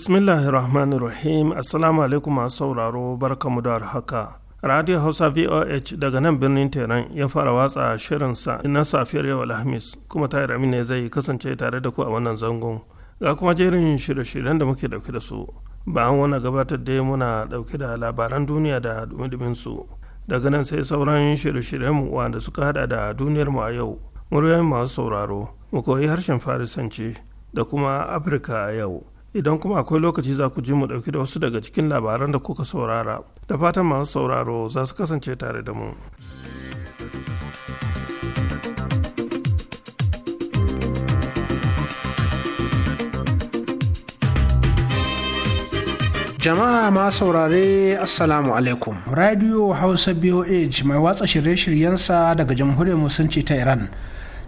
Bismillahirrahmanirrahim. Assalamu alaikum masu sauraro barkamu da haka. Radio Hausa VOH daga nan birnin Tehran ya fara watsa shirinsa na safiyar yau Alhamis kuma Tahir ne zai kasance tare da ku a wannan zangon. Ga kuma jerin shirye-shiryen da muke dauke da su. ba an wani gabatar da muna dauke da labaran duniya da dumi su. Daga nan sai sauran shirye-shiryen mu wanda suka hada da duniyar mu a yau. Muryoyin masu sauraro, mu koyi harshen Farisanci da kuma Afirka a yau. idan kuma akwai lokaci za ku ji mu ɗauki da wasu daga cikin labaran da kuka saurara da fatan masu sauraro za su kasance tare da mu. Jama'a ma saurare Assalamu alaikum. Radio Hausa BOH mai watsa shirye-shiryensa daga Jamhuriyar Musulunci ta Iran.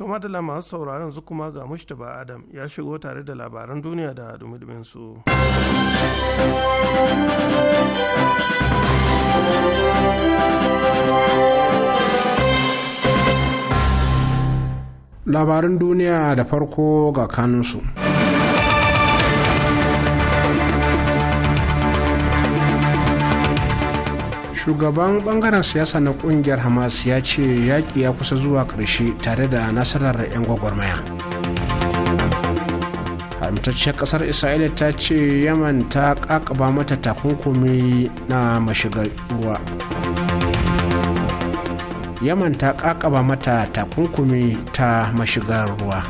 To madalla masu sauraron su kuma ga Mustapha Adam ya shigo tare da labaran duniya da dumidumin su. Labaran duniya da farko ga kanunsu. shugaban bangaren siyasa na kungiyar hamas ya ce yaƙi ya kusa zuwa ƙarshe tare da nasarar 'yan gwagwarmaya haramtacciyar ƙasar isra'ila ta ce yaman ta ƙaƙaba mata takunkumi na mashigar ruwa yaman ta ƙaƙaba mata takunkumi ta mashigar ruwa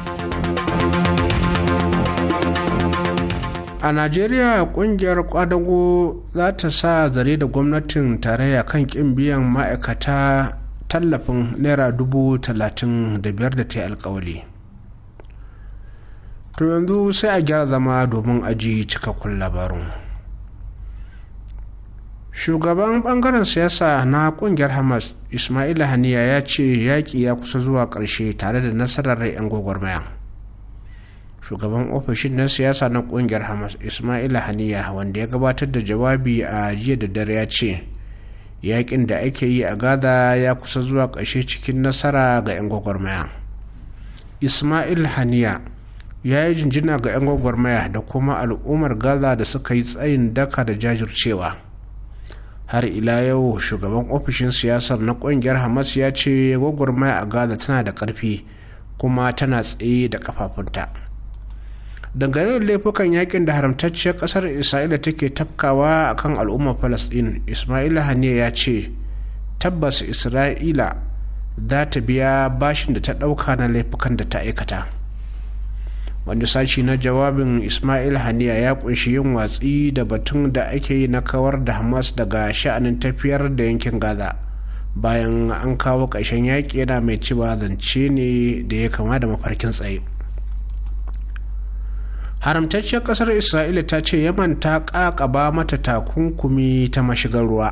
a najeriya kungiyar kwadago za ta sa zare da gwamnatin tarayya kan kin biyan ma'aikata tallafin naira dubu talatin da biyar da ta yi alkawali to yanzu sai a gyara zama domin aji cikakkun labarun shugaban bangaren siyasa na kungiyar hamas Isma'il haniya ya ce yaƙi ya kusa zuwa ƙarshe tare da nasarar 'yan gwagwarmaya shugaban ofishin na siyasa na kungiyar hamas ismaila haniya wanda ya gabatar da jawabi a jiya da dare ya ce yakin da ake yi a gaza ya kusa zuwa ƙarshe cikin nasara ga 'yan gwagwarmaya ismail haniya ya yi jinjina ga 'yan gwagwarmaya da kuma al'ummar gaza da suka yi tsayin daka da jajircewa har ila yau shugaban ofishin siyasar na kungiyar hamas ya ce gwagwarmaya a gaza tana da ƙarfi kuma tana tsaye da ƙafafunta. dangane da laifukan yakin da haramtacciyar kasar isra'ila take tafkawa akan al'ummar falasɗin Isma'il haniya ya ce tabbas isra'ila za ta biya bashin da ta ɗauka na laifukan da ta aikata Wani sashi na jawabin ismail haniya ya kunshi yin watsi da batun da ake yi na kawar da hamas daga sha'anin tafiyar da yankin gaza bayan an kawo ƙarshen yaƙi yana mai cewa zance ne da ya kama da mafarkin tsaye haramtacciyar kasar isra'ila ta ce yaman ta kakaba mata takunkumi ta mashigar ruwa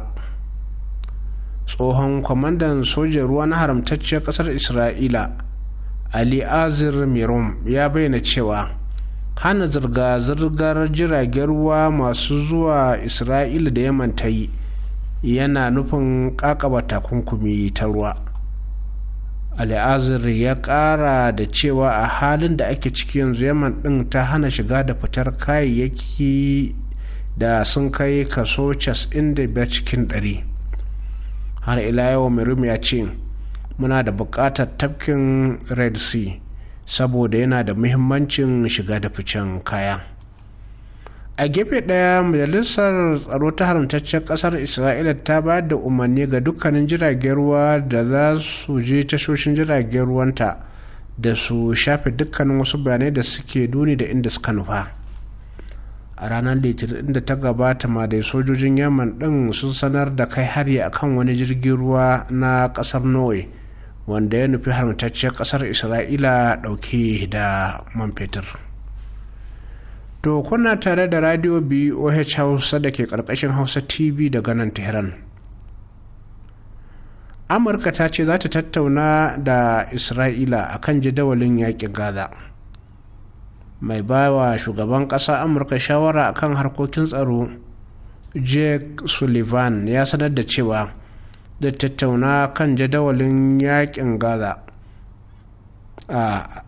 tsohon kwamandan sojan ruwa na haramtacciyar kasar isra'ila ali azir mirum ya bayyana cewa hana zirga-zirgar jiragen ruwa masu zuwa isra'ila da yaman ta yi yana nufin kakaba takunkumi ta ruwa al'aziri ya kara da cewa a halin da ake ciki yanzu yaman din ta hana shiga da fitar kayayyaki da sun kai kaso 95 cikin 100 har ila yau merum ya ce muna da bukatar tafkin red sea saboda yana da muhimmancin shiga da ficen kaya a gefe daya majalisar tsaro ta haramtaccen kasar isra'ila ta ba da umarni ga dukkanin jiragen ruwa da za su je tashoshin jiragen ruwanta da su shafe dukkanin wasu bayanai da suke duni da inda suka nufa a ranar litinin da ta gabata ma dai sojojin yaman din sun sanar da kai hari akan wani jirgin ruwa na kasar norway wanda ya nufi haramtacciyar kasar isra'ila dauke da man fetur. To kuna tare da radio BOH Hausa da ke ƙarƙashin Hausa TV daga nan Tehran. Amurka ta ce za ta tattauna da Isra'ila a kan jadawalin yaƙin Gaza. Mai bawa shugaban ƙasa Amurka shawara a kan harkokin tsaro, Jake Sullivan ya sanar da cewa da tattauna kan jadawalin yaƙin Gaza. a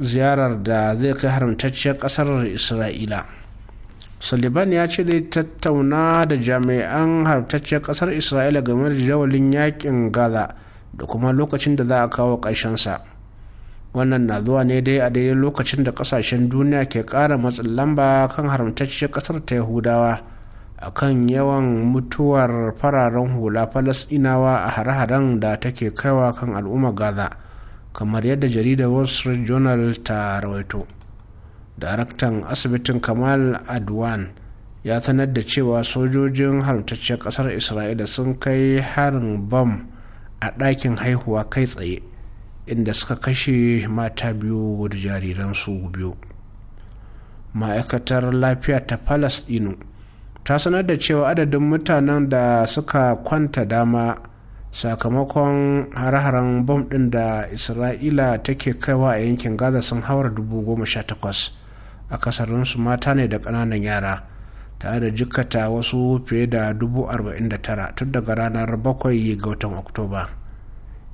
ziyarar da zai kai haramtacciyar ƙasar isra'ila sullivan ya ce zai tattauna da jami'an haramtacciyar ƙasar isra'ila game da jawalin yakin gaza da kuma lokacin da za a kawo ƙarshensa wannan na zuwa ne dai a daidai lokacin da ƙasashen duniya ke ƙara matsin lamba kan haramtacciyar ƙasar ta yahudawa kan yawan mutuwar fararen hula falasinawa a hare-haren da take kaiwa kan al'ummar gaza kamar yadda jaridar wall street journal ta rawaito daraktan asibitin kamal adwan ya sanar da cewa sojojin haramtacciyar kasar isra'ila sun kai harin bam a ɗakin haihuwa kai tsaye inda suka kashe mata biyu da jariransu biyu ma'aikatar lafiya ta palestino ta sanar da cewa adadin mutanen da suka kwanta dama sakamakon hare-haren bom ɗin da isra'ila take kaiwa a yankin gaza sun haura dubu goma sha takwas a akasarinsu mata ne da ƙananan yara tare da jikkata wasu fiye da dubu arba'in da tara tun daga ranar bakwai ga watan oktoba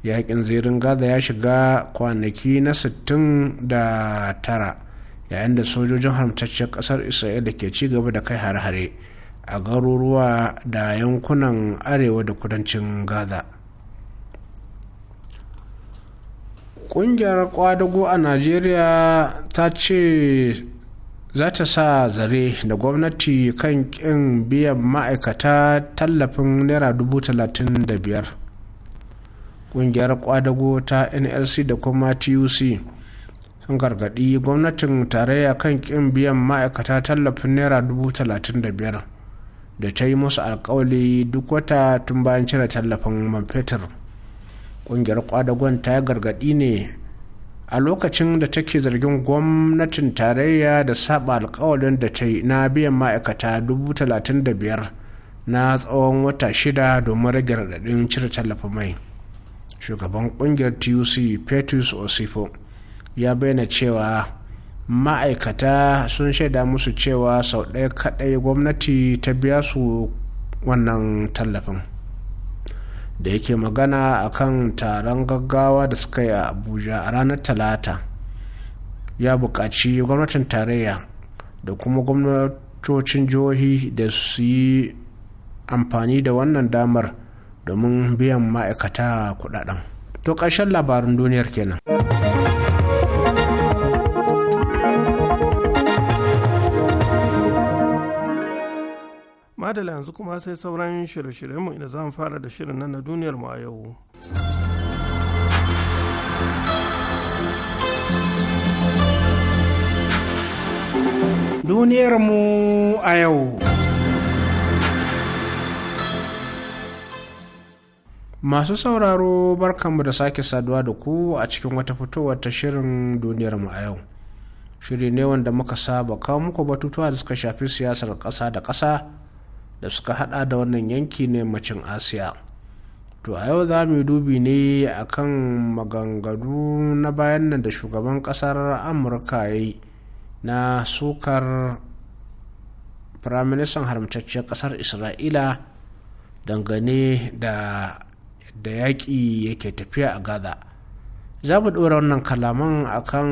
yakin zirin gaza ya shiga kwanaki na sittin da tara yayin da sojojin haramtaccen ƙasar isra'ila ke ci gaba da kai har hare a garuruwa da yankunan arewa da kudancin gaza ƙungiyar kwadago a najeriya ta ce za ta sa zare da gwamnati kan kin biyan ma'aikata tallafin naira dubu talatin da biyar ƙungiyar kwadago ta nlc da kuma tuc sun gargaɗi gwamnatin tarayya kan kin biyan ma'aikata tallafin naira dubu talatin da biyar da ta yi musu alkawali duk wata tun bayan cire tallafin man fetur ƙungiyar kwadagon ta gargaɗi ne a lokacin da take zargin gwamnatin tarayya da saba alkawalin da ta yi na biyan ma'aikata 35,000 na tsawon wata shida domin rage radadin cire tallafin mai shugaban ƙungiyar tuc petrus osifo ya bayyana cewa ma'aikata sun shaida musu cewa sau ɗaya kaɗai gwamnati ta biya su wannan tallafin da yake magana a kan taron gaggawa da suka yi a abuja a ranar talata ya buƙaci gwamnatin tarayya da kuma gwamnatocin jihohi da su yi amfani da wannan damar domin biyan ma'aikata kudaden to ƙarshen labarin duniyar kenan. madala yanzu kuma sai sauran shirye-shiryenmu inda za mu fara da shirin nan na duniyar mu a yau duniyar a yau masu sauraro barkanmu da sake saduwa da ku a cikin wata fitowar ta shirin duniyarmu a yau shiri ne wanda muka saba kawo muku batutuwa da suka shafi siyasar ƙasa da ƙasa da suka hada da wannan yanki ne macin asiya to a yau za mu dubi ne akan maganganu na bayan nan da shugaban kasar amurka ya yi na sukar firaministan haramtacciyar kasar isra'ila dangane da da yaƙi yake tafiya a gaza za mu ɗora wannan kalaman akan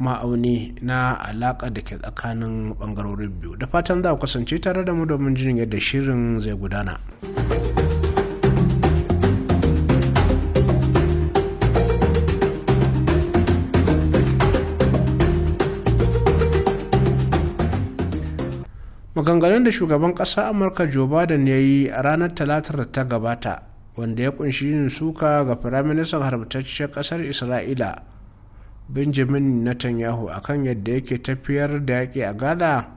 ma'auni na alaƙa da ke tsakanin ɓangarorin biyu da fatan za ku kasance tare da mu domin jin yadda shirin zai gudana. maganganun da shugaban ƙasa amurka joe biden ya yi a ranar talatar da ta gabata wanda ya kunshi yin suka ga firaministan haramtacciyar ƙasar isra'ila benjamin netanyahu akan yadda yake tafiyar da yaƙi a gaza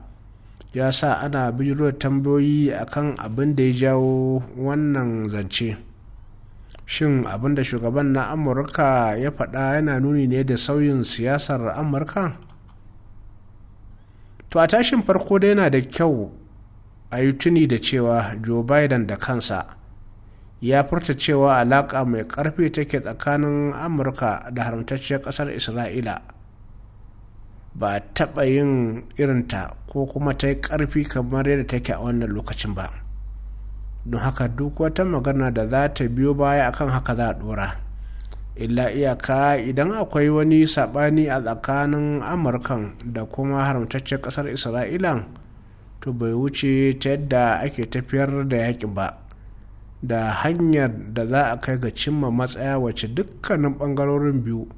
ya sa ana bijiro tambayoyi akan abin da ya jawo wannan zance shin abin da shugaban na amurka ya faɗa yana nuni ne da sauyin siyasar amurka to a tashin farko dai yana da kyau a yi tuni da cewa joe biden da kansa ya furta cewa alaƙa mai ƙarfi take tsakanin amurka da haramtacciyar ƙasar isra'ila ba taɓa yin irinta ko kuma ta yi ƙarfi kamar yadda take a wannan lokacin ba don haka duk wata magana da za ta biyo baya akan haka za a ɗora illa iyaka idan akwai wani saɓani a tsakanin amurkan da kuma haramtacciyar ƙasar isra'ilan to bai wuce ta yadda ake tafiyar da yaƙin ba da hanyar da za a kai ga cimma matsaya wacce dukkanin bangarorin biyu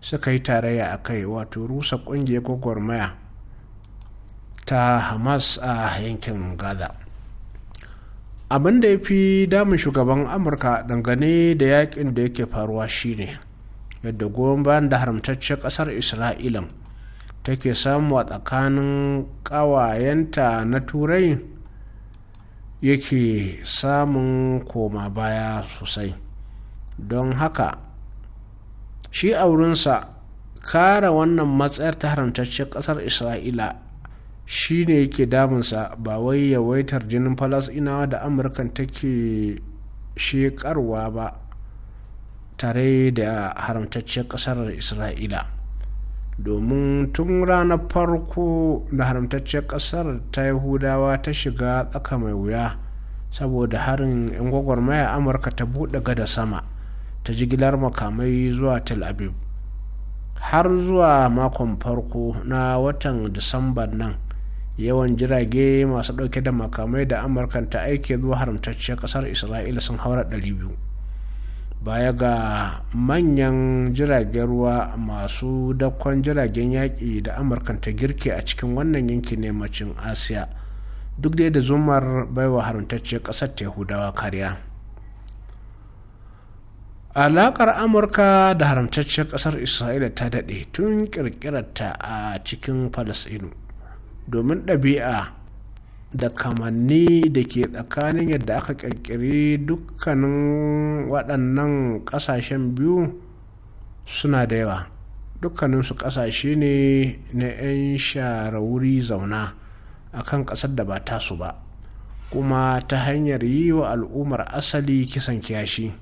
suka yi tarayya a kai wato rusa kungiyar gwagwarmaya ta hamas a yankin gaza abin da ya fi damun shugaban amurka dangane da yakin da yake faruwa shine yadda goyon bayan da haramtaccen kasar isra'ilan take samu a tsakanin kawayenta na turai yake samun koma baya sosai don haka shi a wurinsa kara wannan matsayar ta haramtaccen ƙasar isra'ila shi ne yake damunsa ba wai yawaitar jinin falasinawa da amurkan take shekarwa ba tare da haramtaccen ƙasar isra'ila domin tun ranar farko da haramtacciyar ƙasar ta yahudawa ta shiga tsaka mai wuya saboda harin 'yan gwagwarmaya amurka ta buɗe gada sama ta jigilar makamai zuwa tel aviv har zuwa makon farko na watan disambar nan yawan jirage masu ɗauke da makamai da amurkan ta aike zuwa haramtacciyar ƙasar isra'ila sun haura 200 baya ga manyan jiragen ruwa masu dakon jiragen yaƙi da amurkan ta girke a cikin wannan yanki yankin nemacin asiya duk dai da zumar baiwa haruntacce ƙasar yahudawa kariya alaƙar amurka da haramtacciyar ƙasar isra'ila ta daɗe tun ƙirƙirarta a cikin Falasinu domin ɗabi'a da kamanni da ke tsakanin yadda aka ƙirƙiri dukkanin waɗannan ƙasashen biyu suna da yawa dukkaninsu ƙasashe ne na 'yan shara wuri zauna a kan ƙasar da ba tasu ba kuma ta hanyar yi wa al'ummar asali kisan kiyashi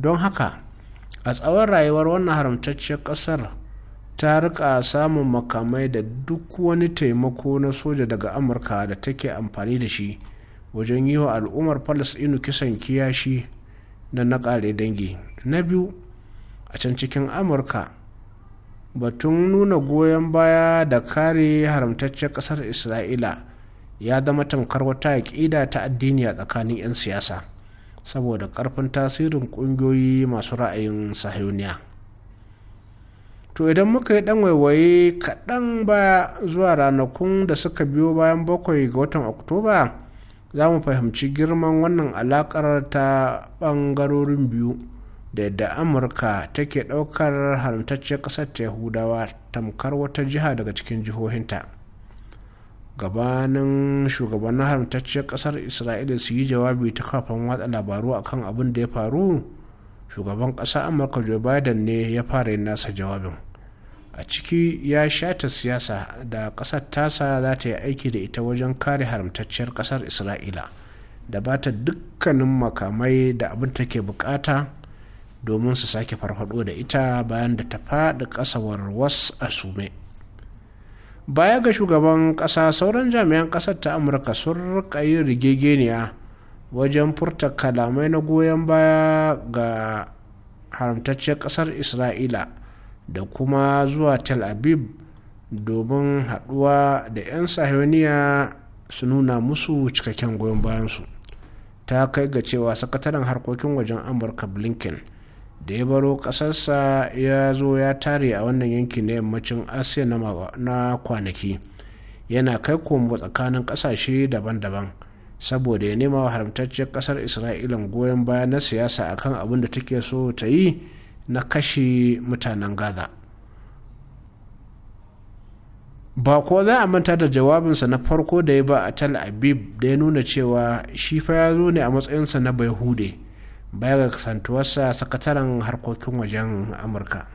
don haka a tsawon rayuwar wannan haramtacciyar ƙasar ta rika samun makamai da duk wani taimako na soja daga amurka da take amfani da shi wajen yi wa al'ummar inu kisan kiyashi da na ƙare dangi na biyu a can cikin amurka batun nuna goyon baya da kare haramtaccen kasar isra'ila ya zama tamkar wata aƙida ta addini a tsakanin 'yan siyasa saboda ƙarfin tasirin ƙungiyoyi masu ra'ayin sahiyoniya to idan muka yi dan waiwaye kaɗan ba zuwa ranakun da suka biyo bayan bakwai ga watan oktoba za mu fahimci girman wannan alakar ta ɓangarorin biyu da yadda amurka take ɗaukar haramtacciyar ƙasar ta yahudawa tamkar wata jiha daga cikin jihohinta gabanin shugabannin haramtacciyar ƙasar isra'ila su yi jawabi ta kafin watsa labaru akan abin da ya faru shugaban ƙasa amurka joe biden ne ya fara yin nasa jawabin a ciki ya shata siyasa da ƙasar tasa za ta yi aiki da ita wajen kare haramtacciyar ƙasar isra'ila da ba ta dukkanin makamai da abin ke bukata domin su sake farfado da ita bayan da ta faɗi ƙasawar was a sume baya ga shugaban ƙasa sauran jami'an ƙasar ta amurka sun rika yin rigegeniya wajen furta kalamai na goyon baya ga haramtacciyar ƙasar isra'ila da kuma zuwa tel aviv domin haɗuwa da 'yan sahiyoniya su nuna musu cikakken goyon bayansu ta kai ga cewa sakataren harkokin wajen amurka blinken da ya baro ƙasarsa ya zo ya tare a wannan yanki na yammacin asiya na kwanaki yana kai komo tsakanin ƙasashe daban-daban saboda ya nema wa haramtacciyar kasar isra'ila goyon baya na siyasa akan abin da take so ta yi na kashe mutanen gaza ba ko za a manta da jawabinsa na farko da ya ba a tal abib da ya nuna cewa shi fa ya zo ne a matsayinsa na bai hude baya ga kasantuwarsa sakataren harkokin wajen amurka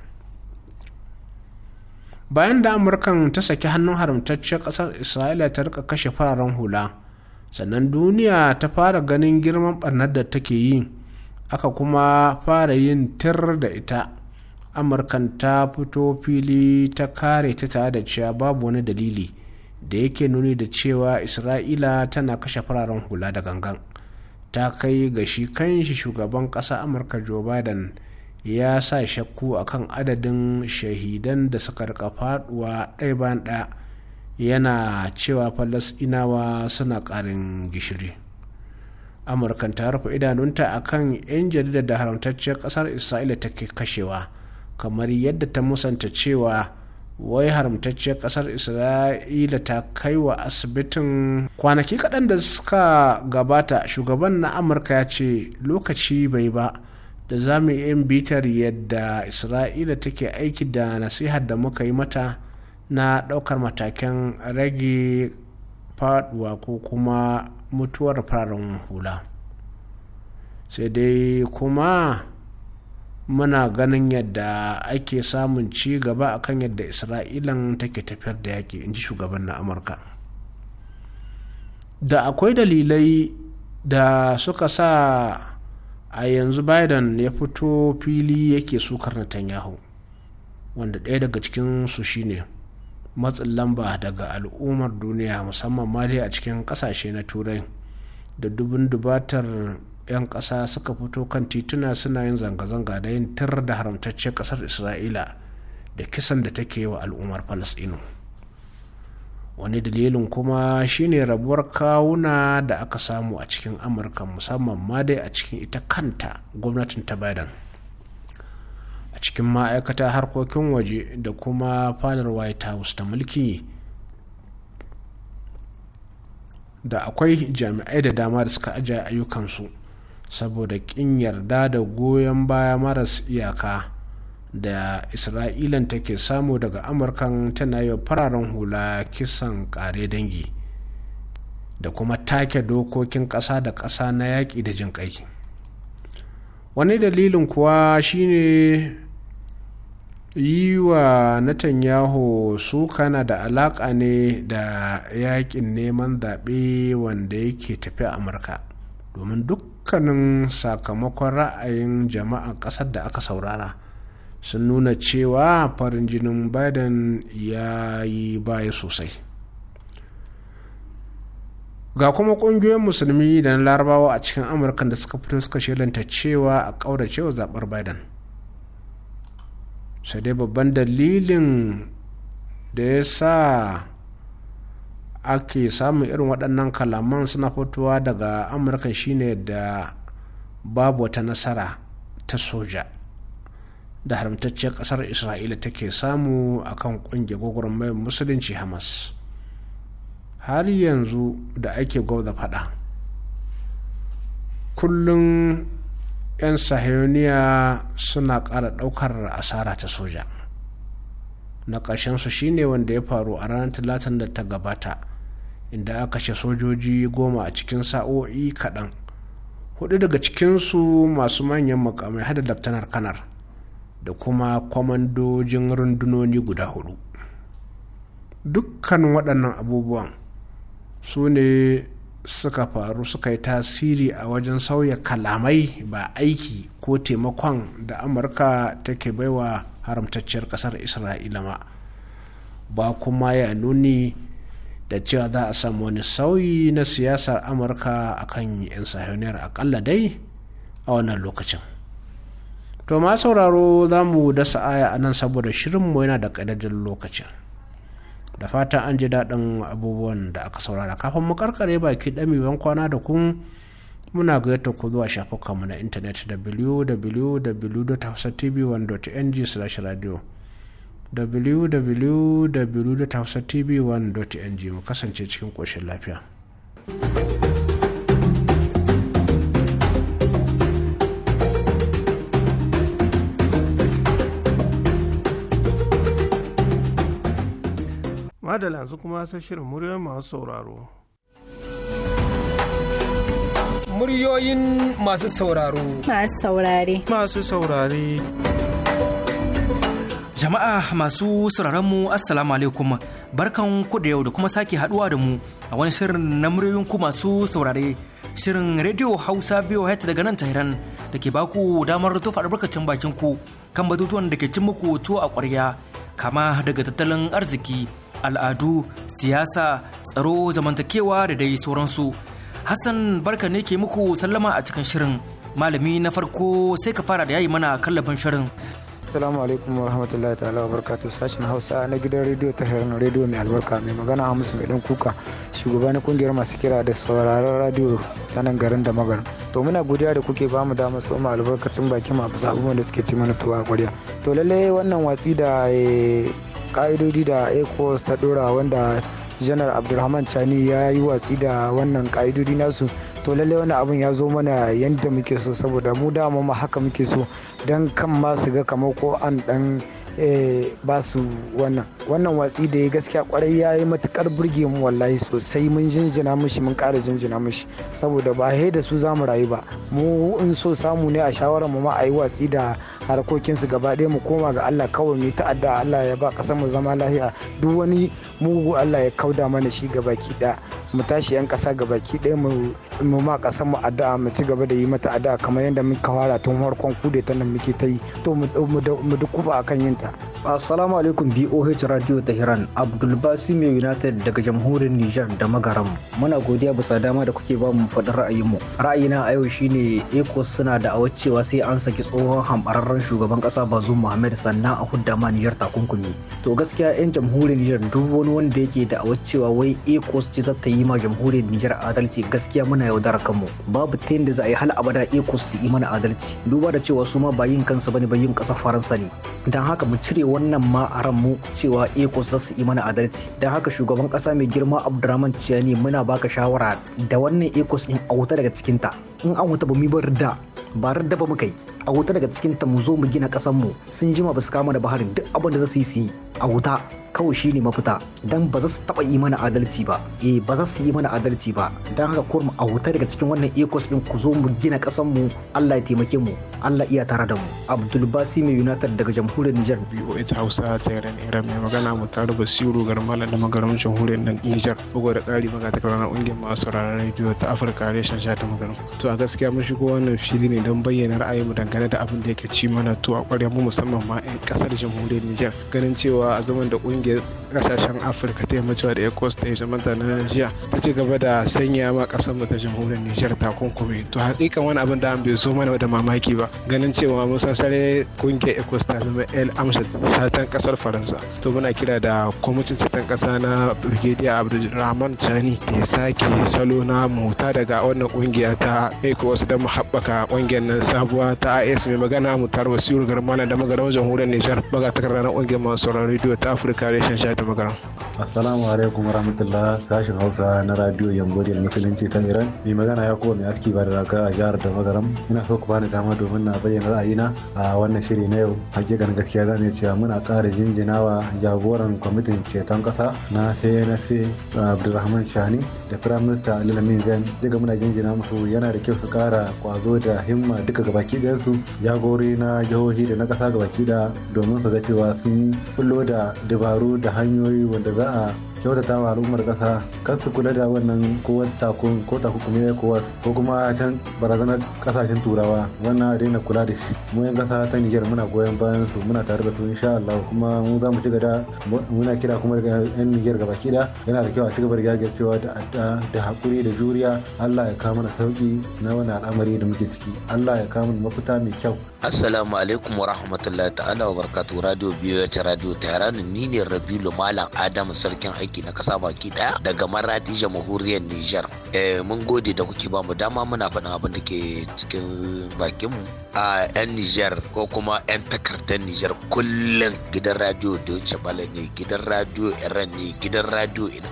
bayan da amurkan ta saki hannun haramtacciyar kasar isra'ila ta rika kashe fararen hula sannan duniya ta fara ganin girman barnar da take yi aka kuma fara yin tir da ita amurkan ta fito fili ta kare ta tare da cewa babu wani dalili da yake nuni da cewa isra'ila tana kashe fararen hula da gangan ta kai ga shi kanshi shugaban ƙasa amurka joe biden ya sa shakku akan adadin shahidan da suka rika faduwa ɗaya bayan ɗaya yana cewa inawa suna ƙarin gishiri amurkan ta rufe idanunta a kan 'yan jaridar da haramtacciyar ƙasar isra'ila ta kashewa kamar yadda ta musanta cewa wai haramtacciyar ƙasar isra'ila ta kai wa asibitin kwanaki kaɗan da suka gabata shugaban na amurka ya ce lokaci bai ba da za mu yi bitar yadda isra'ila take aiki da nasihar da muka yi mata na ɗaukar matakin rage faduwa ko kuma mutuwar fararen hula sai dai kuma muna ganin yadda ake samun ci gaba a kan yadda isra'ilan take tafiyar da yaƙi in ji shugaban na amurka da akwai dalilai da suka sa a yanzu biden ya fito fili yake sukar netanyahu wanda ɗaya daga cikinsu shine matsin lamba daga al'ummar duniya musamman ma dai a cikin kasashe na turai da dubin dubatar 'yan ƙasa suka fito kan tituna suna yin zanga-zanga da yin tir da haramtacce ƙasar isra'ila da kisan da take wa al'ummar falasɗinu wani dalilin kuma shine rabuwar kawuna da aka samu a cikin amurka musamman ma dai a cikin ita kanta gwamnatin ta biden a cikin ma'aikata harkokin waje da kuma fadar white house ta mulki da akwai jami'ai da dama da suka ajiye ayyukansu saboda kin yarda da goyon baya maras iyaka da isra'ilan take samu daga amurkan tana yi fararen hula kisan kare dangi da kuma take dokokin ƙasa da ƙasa na yaƙi da jin ƙai wani dalilin kuwa shine yi wa Netanyahu suka na da alaƙa ne da yakin neman zaɓe wanda yake tafi a Amurka domin dukkanin sakamakon ra'ayin jama'a ƙasar da aka saurara sun nuna cewa farin jinin Biden ya yi baya sosai. ga kuma ƙungiyoyin musulmi da na larabawa a cikin amurka da suka fito suka shelanta cewa a ƙauracewa zaɓar biden sai dai babban dalilin da ya sa ake samun irin waɗannan kalaman suna fitowa daga amurka shine da babu wata nasara ta soja da haramtacciyar ƙasar isra'ila take samu a kan ƙungiyar gwagwarmayar musulunci hamas har yanzu da ake gwabda faɗa kullum 'yan sahiyoniya suna ƙara ɗaukar asara ta soja na ƙarshensu shine wanda ya faru a ranar talatin da ta gabata inda aka kashe sojoji goma a cikin sa'o'i kaɗan hudu daga cikinsu masu manyan makamai hada laftanar kanar da kuma kwamandojin rundunoni guda hudu dukkan waɗannan abubuwan su ne suka faru suka yi tasiri a wajen sauya kalamai ba aiki ko taimakon da amurka take baiwa haramtacciyar kasar isra'ila ma ba kuma ya nuni da cewa za a samu wani sauyi na siyasar amurka a kan 'yan sahiyoniyar akalla dai a wannan lokacin to ma sauraro za mu dasa aya a nan saboda shirinmu yana da ƙadadin lokacin da fata an ji daɗin abubuwan da aka saurara kafin mu karkare baki ɗami kwana da kun muna gayyata ku zuwa shafukanmu na intanet www.hausatv1.ng/radio www.hausatv1.ng mu kasance cikin ƙoshin lafiya. thank you madala yanzu kuma sai shirin muryoyin masu sauraro muryoyin masu sauraro masu saurare masu saurare Jama'a masu mu Assalamu alaikum barkan ku da yau da kuma sake haduwa da mu a wani shirin na muryoyin ku masu saurare shirin Radio Hausa VOH daga nan Tehran da ke baku damar tofa albarkacin bakin ku kan batutuwan da ke cin muku tuwo a kwarya kama daga tattalin arziki al'adu siyasa tsaro zamantakewa da dai sauransu hassan barka ne ke muku sallama a cikin shirin malami na farko sai ka fara da yayi mana kallafin shirin Assalamu alaikum wa rahmatullahi ta'ala wa barakatuh sashen Hausa na gidan rediyo ta Heron rediyo mai albarka mai magana musu mai dan kuka shugaba na kungiyar masu kira da sauraron radiyo ta nan garin da magar. To muna godiya da kuke bamu damar tsoma albarkacin baki ma bisa abubuwan da suke ci mana tuwa a To lallai wannan watsi da eh, kaidodi da ecowas ta dora wanda janar abdulrahman chani ya yi watsi da wannan ka'idodi nasu to lalle wani abin ya zo mana yadda muke so saboda mu dama ma haka muke so don kan ma su ga kamar ko an dan eh, ba su wannan wannan watsi da ya gaskiya kwarai ya yi matukar burge mu wallahi sosai mun jinjina mushi mun kara jinjina mushi saboda ba he da su za mu rayu ba mu in so samu ne a shawarar mu ma a yi watsi da harkokinsu gaba ɗaya mu koma ga Allah kawai mu ta'adda Allah ya ba kasar mu zama lahiya duk wani mugu Allah ya kauda mana shi baki ɗaya mu tashi yan ƙasa baki ɗaya mu ma kasar mu addu'a mu ci gaba da yi mata addu'a kamar yadda muka fara tun farkon kude ta nan muke ta yi to mu dukufa akan yin ta assalamu alaikum BOH Radio Tehran Abdul Basi mai United daga jamhuriyar Niger da Magaram muna godiya bisa dama da kuke ba mu faɗin ra'ayinmu ra'ayina a yau shine eco suna da awacewa sai an saki tsohon hambararren korar shugaban kasa bazum muhammad sannan a hudda ma nijar takunkumi to gaskiya yan jamhuriyar nijar duk wani wanda yake da cewa wai ECOWAS ce za ta yi ma jamhuriyar nijar adalci gaskiya muna yaudara kanmu babu ta yadda za a yi hal abada ECOWAS ta yi mana adalci duba da cewa su ma ba yin kansa bane ba yin kasa faransa ne Dan haka mu cire wannan ma a ran mu cewa ECOWAS za su yi mana adalci Dan haka shugaban kasa mai girma abdurrahman ciyani muna baka shawara da wannan ecos in a wuta daga cikinta in an wuta ba mu bar da ba kai ba muka yi a wuta daga cikin ta mu zo mu gina kasan mu sun jima ba su kama da baharin duk abin da za su yi su yi a wuta kawai ne mafita don ba za su taba yi mana adalci ba eh ba za su yi mana adalci ba don haka kurmu a huta daga cikin wannan ecos din ku zo mu gina kasan mu Allah ya taimake mu Allah iya tare da mu Abdul mai United daga jamhuriyar Niger BOH Hausa ta yaren Iran mai magana mu tare Basiru Garmala da magaran jamhuriyar Niger bugu da kari maga ta karana ungin masu sauraron rediyo ta Afirka reshen sha ta magana to a gaskiya mun shigo wannan fili ne don bayyana mu dangane da abin da yake ci mana to a ƙwarya mu musamman ma 'yan ƙasar jamhuriyar Niger ganin cewa a zaman da ungin kungiyar kasashen afirka ta yammaci da ecos ta yi zama ta jiya ta ci gaba da sanya ma kasar mu ta jamhuriyar nijar takunkumi to hakikan wani abin da an bai zo mana da mamaki ba ganin cewa mun san sare kungiyar ecos ta zama el amsa satan kasar faransa to muna kira da kwamitin satan kasa na brigadier abdulrahman chani ya sake salo na mota daga wannan kungiya ta ecos don mu haɓaka kungiyar nan sabuwa ta as mai magana mu tarwa siyar garmana da magana jamhuriyar nijar baga takardar kungiyar masu rediyo ta afirka Federation shafi magaran. Assalamu alaikum rahmatullah sashen Hausa na radio Yamboriyar Musulunci ta Iran. Mai magana ya kowa mai aski ba da raka a jihar da magaram. Ina so ku bani dama domin na bayyana ra'ayina a wannan shiri na yau. Hakikan gaskiya za mu cewa muna ƙara jinjinawa jagoran kwamitin ceton ƙasa na ce Abdulrahman Shani da Firaminista Ali Lamin Zain. Duka muna jinjina musu yana da kyau su ƙara kwazo da himma duka gabaki su jagori na jihohi da na ƙasa gabaki ɗaya domin su ga cewa sun kullo da dabaru dabaru da hanyoyi wanda za a kyautata wa al'ummar kasa kan su kula da wannan ko takun ko ya kowar ko kuma can barazanar kasashen turawa wannan a daina kula da shi mu yan kasa ta niger muna goyon bayan su muna tare da su insha Allah kuma mu za mu ci gaba muna kira kuma daga yan niger gaba kida yana da kyau a ci gaba da cewa da adda da hakuri da juriya Allah ya kawo mana sauki na wani al'amari da muke ciki Allah ya kawo mana mafita mai kyau Assalamu alaikum wa rahmatullahi ta'ala wa barkatu radio biyu wacce radio ta ni ne Rabilu Malam Adamu, sarkin aiki na kasa baki daya daga Maradi jamhuriyar Nijar. Eh, mun gode da kuke ba mu dama muna faɗin abin da ke cikin bakinmu. a 'yan Nijar ko kuma 'yan takardar Nijar kullum gidan radio Deutsche Welle ne gidan radio Iran ne gidan radio ina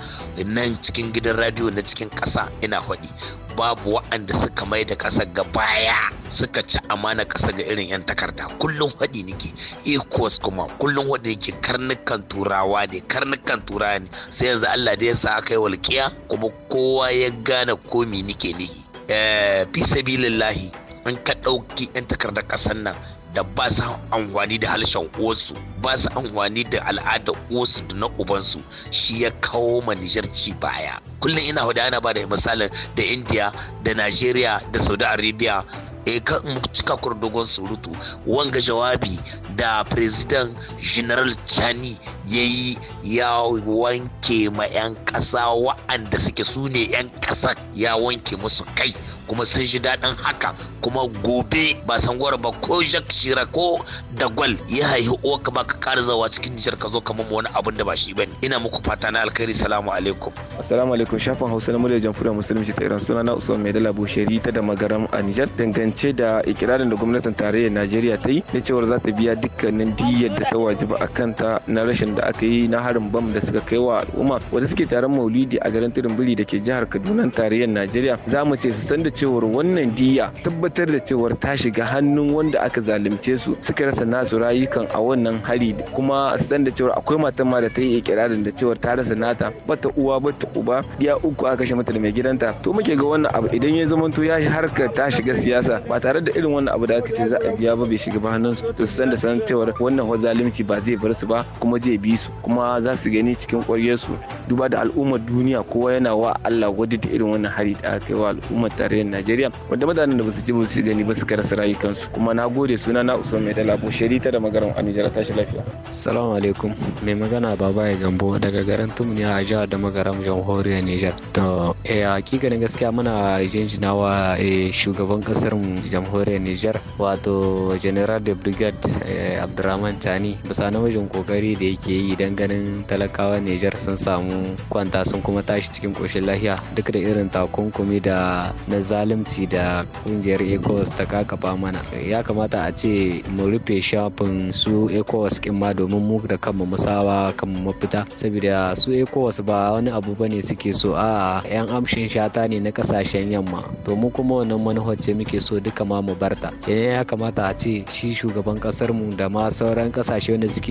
nan cikin gidan radio na cikin kasa ina faɗi babu wa'anda suka mai da ƙasa ga baya suka ci amana ƙasa ga irin 'yan takarda kullum faɗi nake ecos kuma kullum faɗi nake karnukan turawa ne karnukan turawa ne sai yanzu Allah da ya sa aka yi walƙiya kuma kowa ya gane komi nike nihi eh, fi sabilillahi in ka ɗauki 'yan takardar ƙasar nan da ba su amfani da harshen uwarsu ba su amfani da al'adar uwarsu da na ubansu shi ya kawo ma Nijar ci baya kullum ina hudu ana ba da misalin da indiya da Najeriya da Saudi Arabia e eh, ka cika kurdogon surutu wanga jawabi da president general chani ya yi ya wanke ma 'yan ƙasa wa'anda suke su ne 'yan ƙasa ya wanke musu kai kuma sun ji daɗin haka kuma gobe ba san gwara ba ko jak shira ko da gwal ya haihu uwaka ba ka ƙara zawa cikin jihar ka zo ka mamma wani abin da ba shi bane ina muku fata na alkhairi salamu alaikum assalamu alaikum shafin hausa na muryar jamfura musulunci ta iran suna na usman mai dala bushari ta da magaram a nijar dangane amince da ikirarin da gwamnatin tarayyar najeriya ta yi na cewa za ta biya dukkanin diyyar da ta wajiba a kanta na rashin da aka yi na harin bam da suka kai wa al'umma wanda suke taron maulidi a garin biri da ke jihar kaduna tarayyar najeriya za mu ce su san da cewar wannan diyya tabbatar da cewar ta shiga hannun wanda aka zalunce su suka rasa nasu rayukan a wannan hari kuma su san da cewar akwai matan ma da ta yi ikirarin da cewar ta rasa nata bata uwa bata uba ya uku aka kashe mata da mai gidanta to muke ga wannan abu idan ya zamanto ya harka ta shiga siyasa ba tare da irin wannan abu da aka ce za a biya ba bai shiga ba hannun su to su san da san cewa wannan zalunci ba zai bar su ba kuma zai bi su kuma za su gani cikin ƙwaryar su duba da al'ummar duniya kowa yana wa Allah gwadi da irin wannan hari da aka yi wa al'ummar tarayyar Najeriya wanda mutanen da ba su ji ba su gani ba su karasa rayukansu kuma na gode suna na Usman Mai dala Dalabo ta da magaran ta tashi lafiya. Assalamu alaikum mai magana baba ya gambo daga garin Tumni a jihar da magaram jamhuriyar Nijar. To eh hakika gaskiya muna jinjinawa eh, shugaban kasar mu jamhuriyar nijar wato general da brigade eh, abdurrahman chani bisa namijin kokari da yake yi don ganin talakawa niger sun samu kwanta sun kuma tashi cikin koshin lahiya duk da irin takunkumi da na zalunci da kungiyar ecowas ta kakaba mana ya kamata a ce mu rufe shafin su ecowas kin ma domin mu da kanmu musawa kanmu mafita saboda su ecowas ba wani abu bane suke so a yan amshin shata ne na kasashen yamma to mu kuma wannan manhajar muke so duka ma mu barta kenan ya kamata a ce shi shugaban kasar mu da ma sauran kasashe wanda suke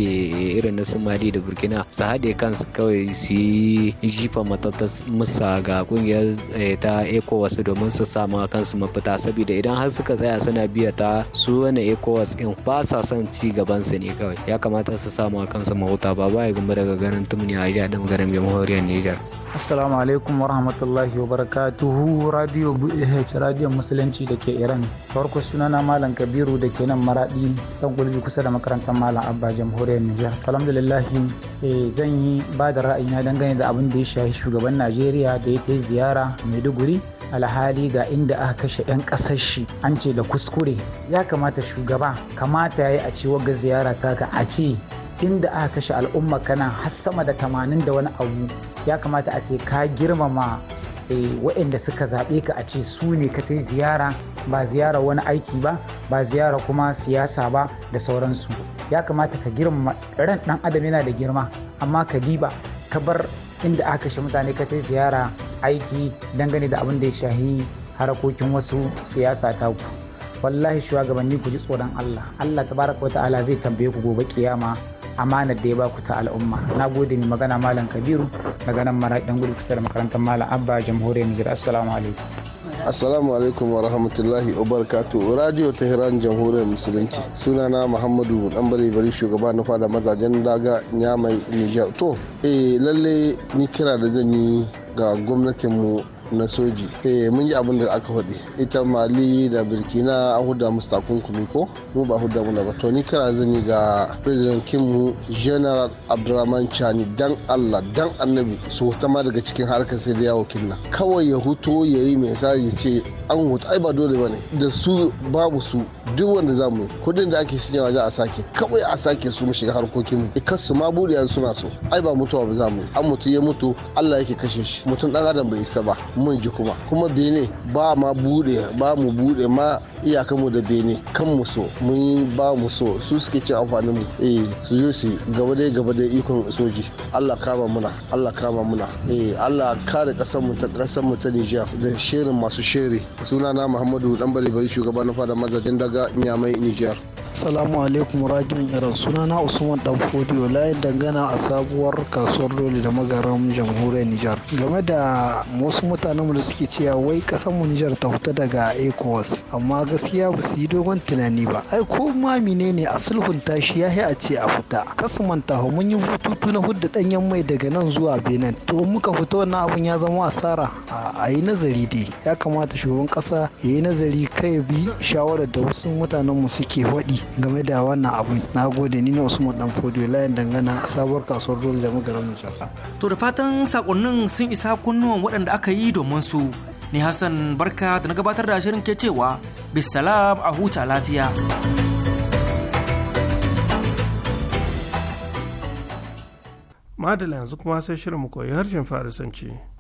irin na mali da Burkina su haɗe kansu kawai su yi jifa matattas musa ga ƙungiyar eh, ta ECOWAS domin su sama kansu mafita saboda idan har suka tsaya suna biya ta su wani ECOWAS din ba sa son ci gaban su ne kawai ya kamata su sama kansu mahuta ba ba ya gumba daga ganin tumni a jihar da magarin jamhuriyar Niger. Assalamu alaikum warahmatullahi wabarakatuhu wa radio BH radio musulunci da ke Iran rediyon farko sunana malam kabiru da ke nan maradi dan gulbi kusa da makarantar malam abba jamhuriyar nijar alhamdulillah eh, zan yi ba da ra'ayina dangane da abin da ya shahi shugaban najeriya da ya kai ziyara maiduguri alhali ga inda aka kashe 'yan ƙasar shi an ce da kuskure ya kamata shugaba kamata ya yi a ce ga ziyara kaka a ce inda aka kashe al'umma kana har sama da tamanin da wani abu ya kamata a ce ka girmama eh, waɗanda suka zaɓe ka a ce su ne ka kai ziyara ba ziyara wani aiki ba ba ziyara kuma siyasa ba da sauransu ya kamata ka girma ran dan adam yana da girma amma ka diba ka bar inda aka shi mutane ka ta ziyara aiki dangane da abin da ya shahi harakokin wasu siyasa ta ku wallahi shugabanni ku ji tsoron Allah Allah tabaraka wa ta'ala zai tambaye ku gobe kiyama amanar da ya baku ta al'umma na gode mai magana malam kabiru daga nan gudu kusa da makarantar malam abba jamhuriyar nijar assalamu alaikum Assalamu alaikum wa rahmatullahi wa barakatu. Radio hiran Jamhuriyar Musulunci. Sunana Muhammadu bari Bari shugaba na fada mazajen daga Nyamai Niger. To, eh lalle ni kira da zan yi ga gwamnatinmu na soji eh mun yi abin da aka faɗi ita mali da burkina an huda musu takunkumi ko mu ba huda muna ba to ni kira yi ga president mu general abdurrahman chani dan allah dan annabi su huta ma daga cikin harkar sai da yawo kinna kawai ya huto ya yi mai sa ya ce an huta ai ba dole ba ne da su babu su duk wanda za mu yi kudin da ake sinyawa za a sake kawai a sake su mu shiga harkokin mu ikas su ma buriya suna so ai ba mutuwa ba za mu yi an mutu ya mutu allah yake kashe shi mutum dan adam bai isa ba mun ji kuma kuma bene ba ma bude ba mu bude ma iyakanmu da bene kan mu so mun ba mu so su suke cin amfanin mu eh su zo su gaba dai gaba dai ikon soji Allah kama muna Allah kama muna eh Allah kare kasar mu ta kasar mu ta Niger da shirin masu shiri sunana Muhammadu dan bari shugaba na fada mazajin daga Nyamai Niger Assalamu alaikum rajon Iran sunana Usman Dan Fodiyo layin dangana a sabuwar kasuwar loli da magaran jamhuriyar Nijar. Game da wasu mutanenmu da suke cewa wai kasan mu Nijar ta fita daga ECOWAS amma gaskiya ba su yi dogon tunani ba ai ko ma menene a sulhun tashi ya a ce a fita kasu manta mun yi hututu na hudda danyen mai daga nan zuwa Benin to muka fita wannan abun ya zama asara a yi nazari dai ya kamata shugaban kasa ya yi nazari kai bi shawarar da wasu mutanenmu suke waɗi game da wannan abun na gode ni ne Usman Dan Fodio layin dangana sabuwar kasuwar dole da garin Nijar to da fatan sakonnin sun isa kunnuwan waɗanda aka yi domin su ni Hassan barka da na gabatar da shirin ke cewa bisalam a huta lafiya. Madala yanzu kuma sai shirin mu koyi harshen Farisanci.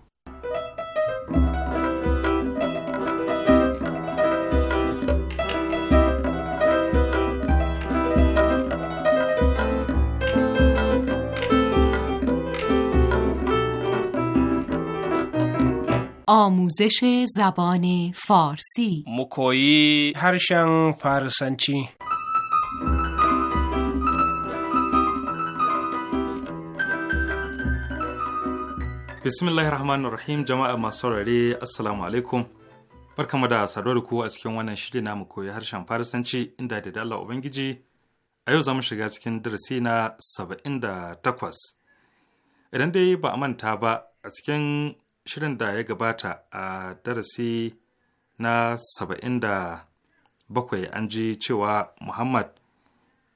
آموزش زبان فارسی مکویی هرشن فارسنچی bismillahir rahmanir rahim jama'a masu saurare assalamu alaikum barkamu da saduwar ku a cikin wannan shiri na mu koyi harshen farisanci inda da dala ubangiji a yau zamu shiga cikin darasi na saba'in da takwas idan dai ba a manta ba a cikin shirin da ya gabata a darasi na saba'in da bakwai an ji cewa muhammad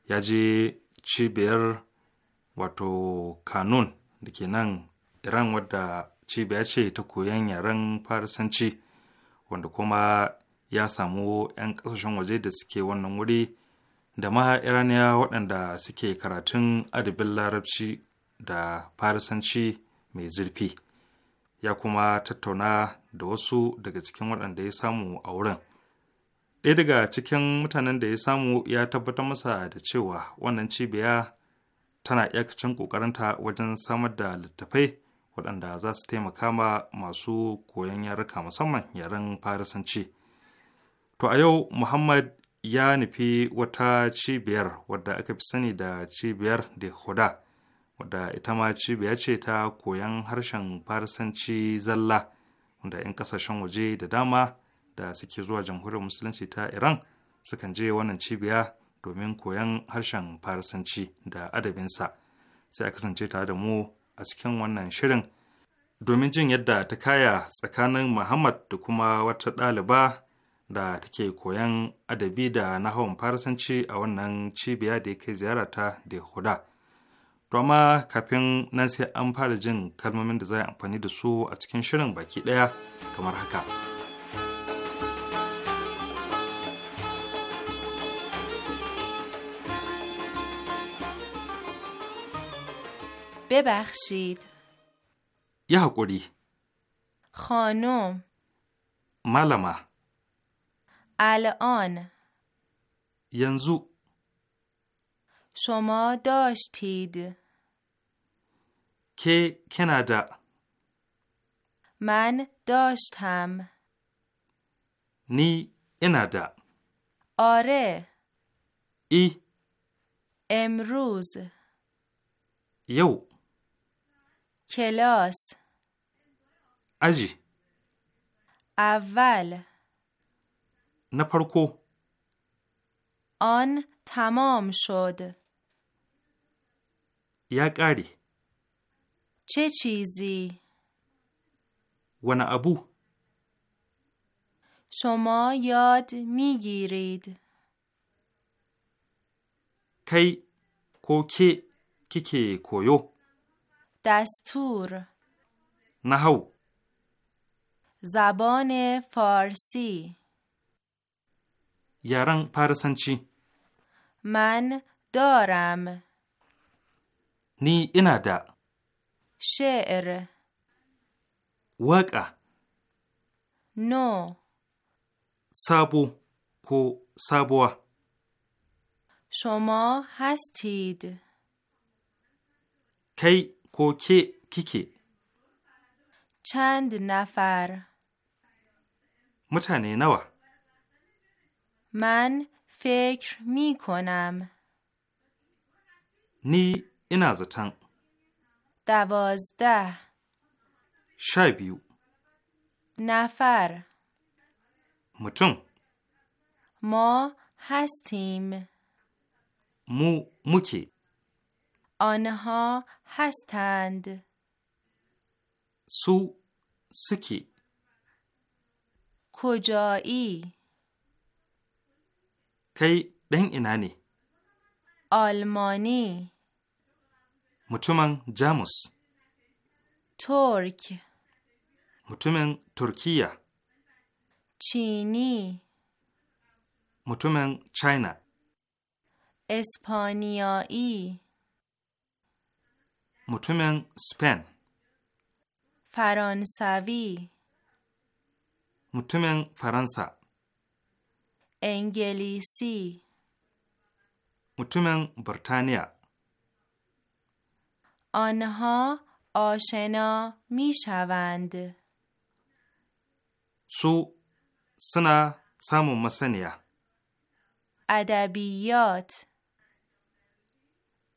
ya je cibiyar wato kanun da ke nan iran wadda cibiya ce ta koyon yaren farisanci wanda kuma ya samu 'yan kasashen waje da suke wannan wuri da ma iraniya waɗanda suke karatun adabin larabci da farisanci mai zurfi ya kuma tattauna da wasu daga cikin waɗanda ya samu a wurin ɗaya daga cikin mutanen da ya samu ya tabbatar masa da cewa wannan cibiya tana iyakacin ƙoƙarinta wajen samar da littattafai waɗanda za su taimaka ma masu koyon yaruka musamman yaren farisanci to a yau muhammad ya nufi wata cibiyar wadda aka fi sani da cibiyar da huda wadda ita ma cibiya ce ta koyan harshen farisanci zalla wanda 'yan kasashen waje da dama da suke zuwa jamhuriyar musulunci ta iran sukan je wannan cibiya domin koyon harshen farisanci da adabinsa sai a kasance tare da mu a cikin wannan shirin domin jin yadda ta kaya tsakanin muhammad da kuma wata ɗaliba da take koyan adabi da nahawan farisanci a wannan cibiya da ya kai ta da huda to kafin nan sai an fara jin kalmomin da za a amfani da su a cikin shirin baki ɗaya kamar haka. ببخشید یه حقوری خانم معلمه الان ینزو شما داشتید که کندا من داشتم نی اندا آره ای امروز یو کلاس اجی اول نپرکو آن تمام شد یا چه چیزی؟ ون ابو شما یاد میگیرید کی کوکی کیکی کویو دستور نهو زبان فارسی یاران پارسنچی من دارم نی اینا دا شعر وقع نو سابو کو سابوا شما هستید کی کو کی کی. چند نفر متنه نوا من فکر می کنم نی اینا زتن دوازده شایبیو نفر متون ما هستیم مو موکی آنها هستند سو سکی کجایی کی دن اینانی آلمانی mutumin Jamus. Turk. Mutumin Turkiya. Chini. Mutumin China. Espaniyai. Mutumin Spain. Faransavi. Mutumin Faransa. Engelisi. Mutumin Burtaniya. آنها آشنا می شوند سو سنا سامو مسنیا ادبیات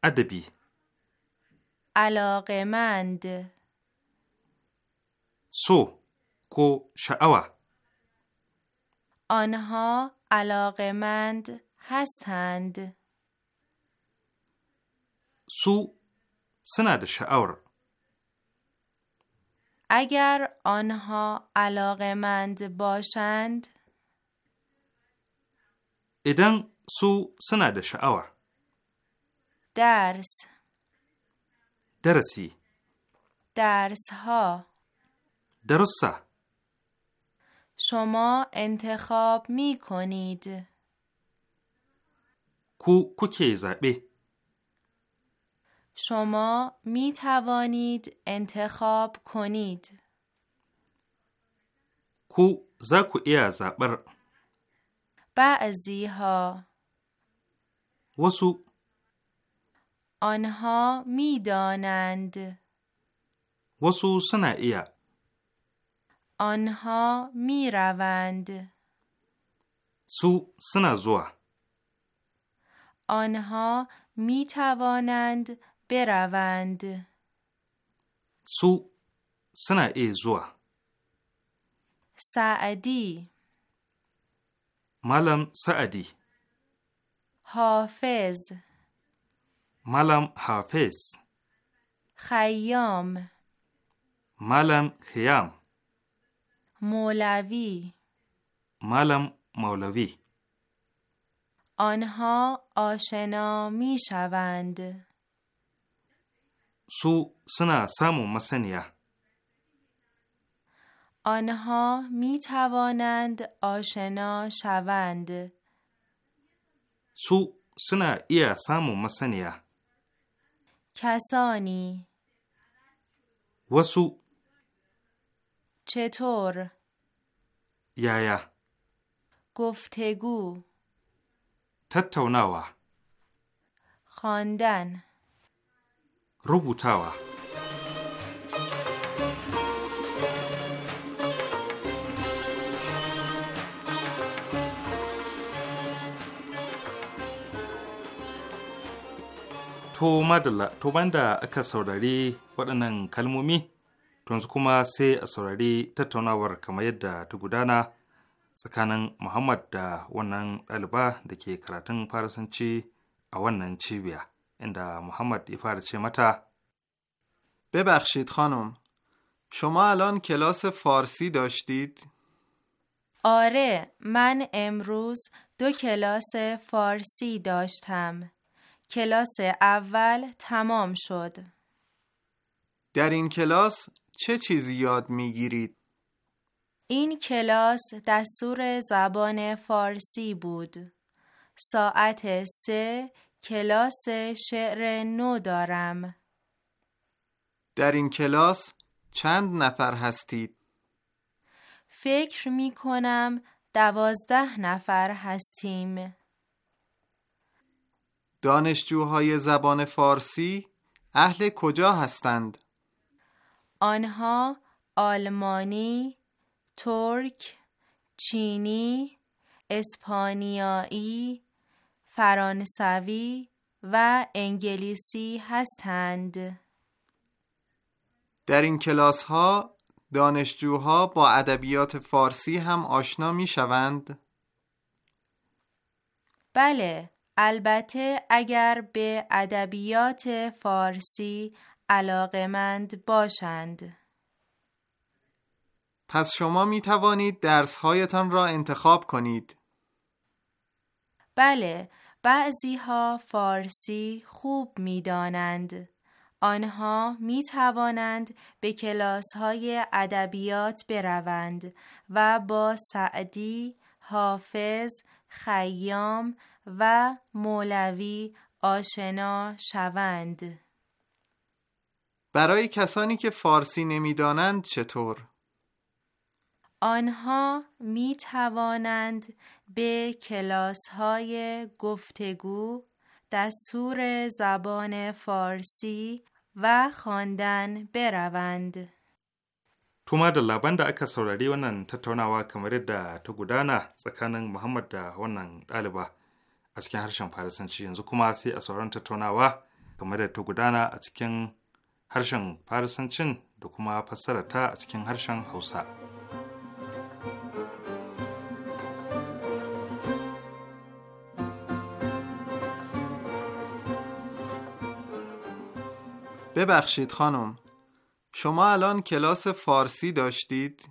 ادبی علاقمند سو کو شعوا آنها علاقمند هستند سو سند شعور اگر آنها علاقمند باشند ایدن سو سند شعور درس درسی درس ها درسه شما انتخاب می کنید کو کوکی زبه شما می توانید انتخاب کنید. کو زکو ایا زبر بعضی ها وسو آنها میدانند. وسو سنا ایا آنها میروند. روند سو سنا زوا آنها می توانند بروند سو سنا ای زوا سعدی ملم سعدی حافظ ملم حافظ خیام ملم خیام مولوی ملم مولوی آنها آشنا می شوند. سو سنا سامو مسنیه آنها می توانند آشنا شوند سو سنا ایا سامو مسنیه کسانی وسو چطور یایا گفتگو تتوناوا خواندن rubutawa To madalla, to da aka saurari waɗannan kalmomi, to yanzu kuma sai a saurari tattaunawar kamar yadda ta gudana tsakanin Muhammad da wannan ɗaliba da ke karatun farasanci a wannan cibiya. اندا محمد ببخشید خانم شما الان کلاس فارسی داشتید؟ آره من امروز دو کلاس فارسی داشتم کلاس اول تمام شد در این کلاس چه چیزی یاد میگیرید؟ این کلاس دستور زبان فارسی بود ساعت سه کلاس شعر نو دارم. در این کلاس چند نفر هستید؟ فکر می کنم دوازده نفر هستیم. دانشجوهای زبان فارسی اهل کجا هستند؟ آنها آلمانی، ترک، چینی، اسپانیایی، فرانسوی و انگلیسی هستند. در این کلاس ها دانشجوها با ادبیات فارسی هم آشنا می شوند؟ بله، البته اگر به ادبیات فارسی علاقمند باشند. پس شما می توانید درسهایتان را انتخاب کنید. بله، بعضی ها فارسی خوب می دانند. آنها می توانند به کلاس های ادبیات بروند و با سعدی، حافظ، خیام و مولوی آشنا شوند. برای کسانی که فارسی نمیدانند چطور؟ آنها می توانند به کلاس های گفتگو، دستور زبان فارسی و خواندن بروند. Tuma da laban da aka saurari wannan tattaunawa kamar yadda ta gudana tsakanin Muhammad da wannan ɗaliba a cikin harshen Farisanci yanzu kuma sai a sauran tattaunawa kamar yadda ta gudana a cikin harshen Farisancin da kuma fassarata a cikin harshen Hausa. ببخشید خانم شما الان کلاس فارسی داشتید؟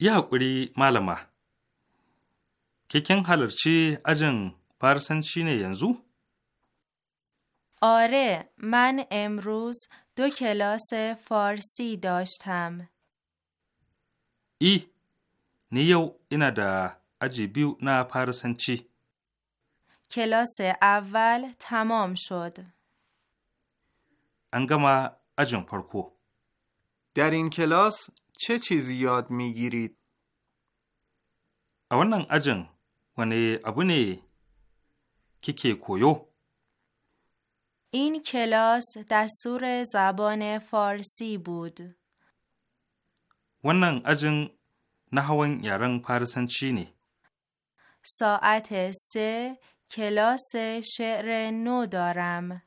یه حقوری معلمه که کن حلرچی اجن فارسنچی نه ینزو؟ آره من امروز دو کلاس فارسی داشتم ای نیو اینا دا اجی نا نه چی کلاس اول تمام شد انگما اجن پارکو در این کلاس چه چیزی یاد میگیرید؟ اونن اجن ونه ابو کیکی کویو این کلاس دستور زبان فارسی بود. ونن اجن نهوان یارن فارسنچی نه. ساعت سه کلاس شعر نو دارم.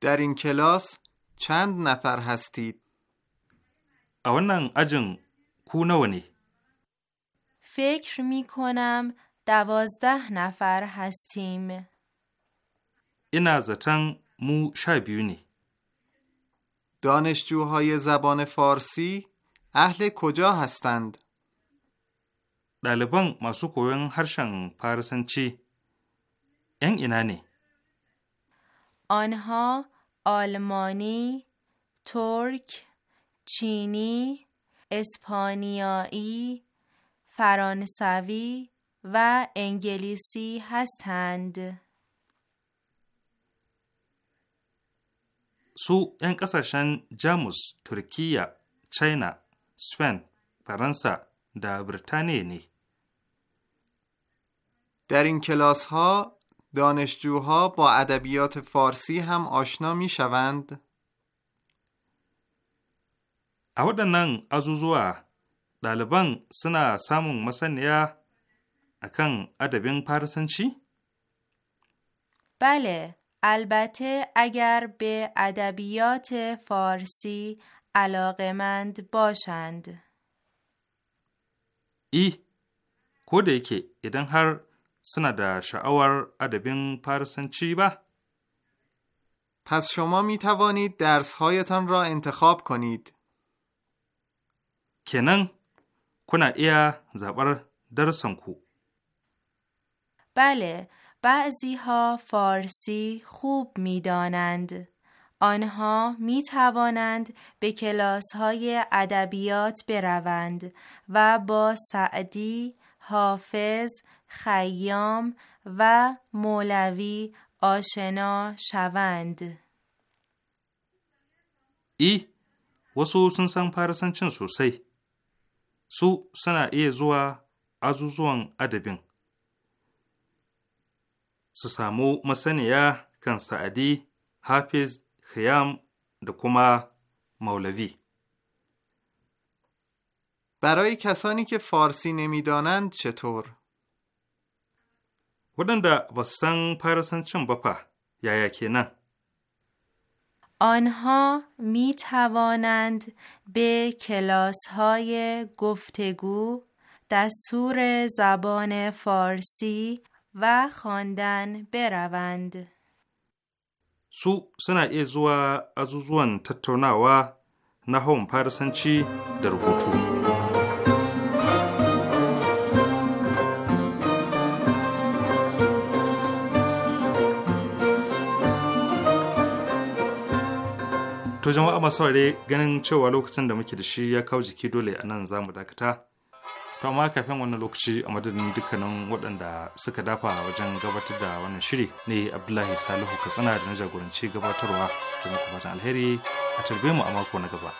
در این کلاس چند نفر هستید؟ a اجن نونه فکر می کنم دوازده نفر هستیم. اینا زتن مو شبیونی. دانشجوهای زبان فارسی اهل کجا هستند؟ ɗaliban masu koyon harshen Farisanci ‘yan ina ne? آنها آلمانی، turk چینی، اسپانیایی، فرانسوی و انگلیسی هستند. su 'yan kasashen Jamus, Turkiyya, China, Spain, Faransa da Birtaniya ne. در این کلاس ها دانشجوها با ادبیات فارسی هم آشنا می شوند؟ a waɗannan دالبان سنا سامون samun masaniya ادبین kan بله البته اگر به ادبیات فارسی علاقمند باشند ای کودکی da هر suna da sha'awar ادبین پس شما می توانید درس هایتان را انتخاب کنید. کنن کنا ایا زبر درسان کو. بله، بعضی ها فارسی خوب می دانند. آنها می توانند به کلاس های ادبیات بروند و با سعدی، حافظ، خیام و مولوی آشنا شوند ای و سو سان پارسان چن سو سی سو سنا ای زوا ازو زوان ادبین سسامو مسانیا کن سعدی حافظ خیام دکما مولوی برای کسانی که فارسی نمیدانند چطور؟ waɗanda ba su san farasan ba fa yaya ke nan. آنها می توانند به کلاس های گفتگو دستور زبان فارسی و خواندن بروند. سو سنا ای زوا ازوزوان تتوناوا نهوم پارسنچی در گوتو. To jama'a masu ware ganin cewa lokacin da muke da shi ya kawo jiki dole a nan za mu dakata. To amma kafin wannan lokaci a madadin dukkanin waɗanda suka dafa wajen gabatar da wannan shiri ne Abdullahi Salihu Katsina da na jagoranci gabatarwa to muku fatan alheri a tarbe mu a mako na gaba.